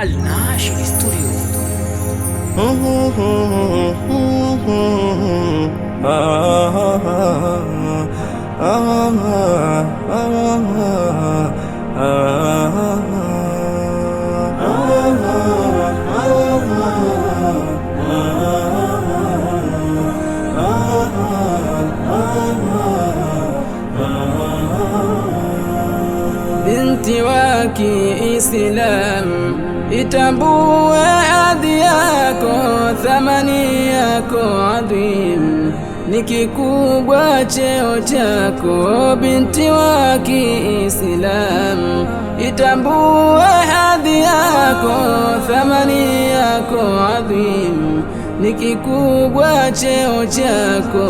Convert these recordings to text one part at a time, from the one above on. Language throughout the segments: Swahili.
الناشر استوديو بنتي واكي إسلام itambue adhi yako, thamani yako adhim, ni kikubwa cheo chako, binti wa Kiislamu. Itambue adhi yako, thamani yako adhim, ni kikubwa cheo chako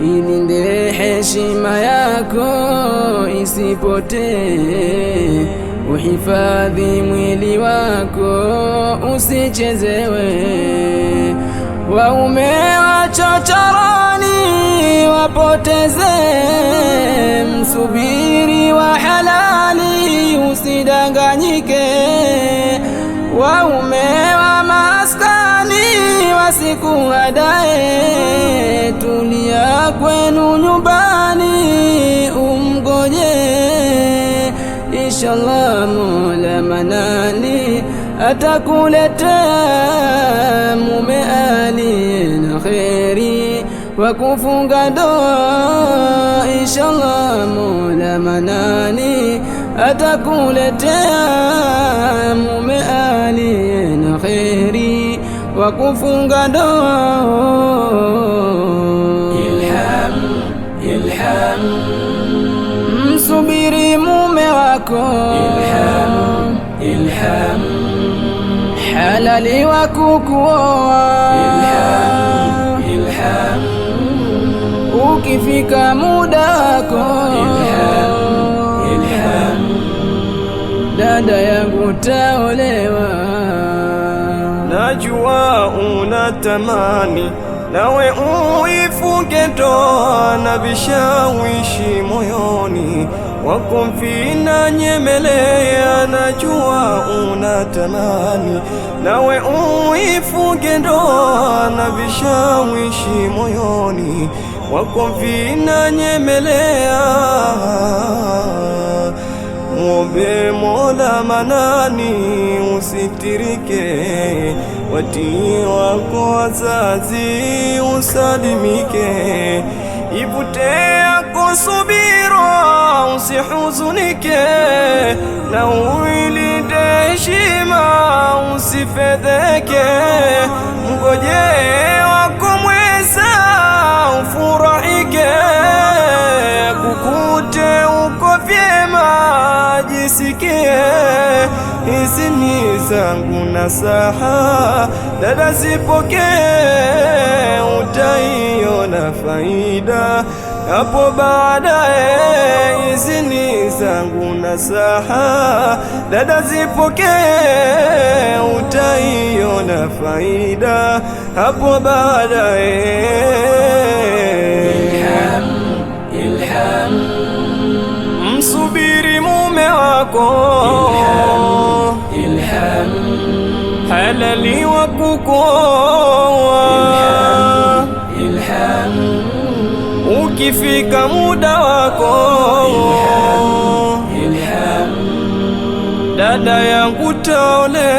Ilinde heshima yako isipotee uhifadhi mwili wako usichezewe, waume wa chochoroni wapoteze, msubiri wa halali usidanganyike, waume wa maskani wasikuhadae, tulia kwenu nyumbani السلام لمناني أتقول تام مآلين خيري وكفو قدو إن شاء الله مولا مناني أتقول تام مآلين خيري وكفو قدو إلحام إلحام صبري مؤمن wako ilham, ilham. halaliwa kukuoa ilham, ilham. ukifika muda wako ilham, ilham. dada yangu taolewa, najua unatamani nawe uifunge ndoa na vishawishi moyoni wako mfina nyemele, anajua unatamani nawe uifunge ndoa na vishawishi moyoni, wako mfina nyemelea, muombe Mola Manani usitirike, watii wako wazazi usalimike, ipute yako usihuzunike na uilinde heshima, usifedheke, mgoje wako mweza, ufurahike, kukute uko vyema, jisikie. Hizi ni zangu nasaha, dada, zipokee, utaiona faida hapo baadaye zangu nasaha, dada zipokee, utaiona faida hapo baadaye. Ilham, ilham, msubiri mume wako ilham, ilham, halali wa kukoa ilham, ilham, ukifika muda wako ilham, yangu taone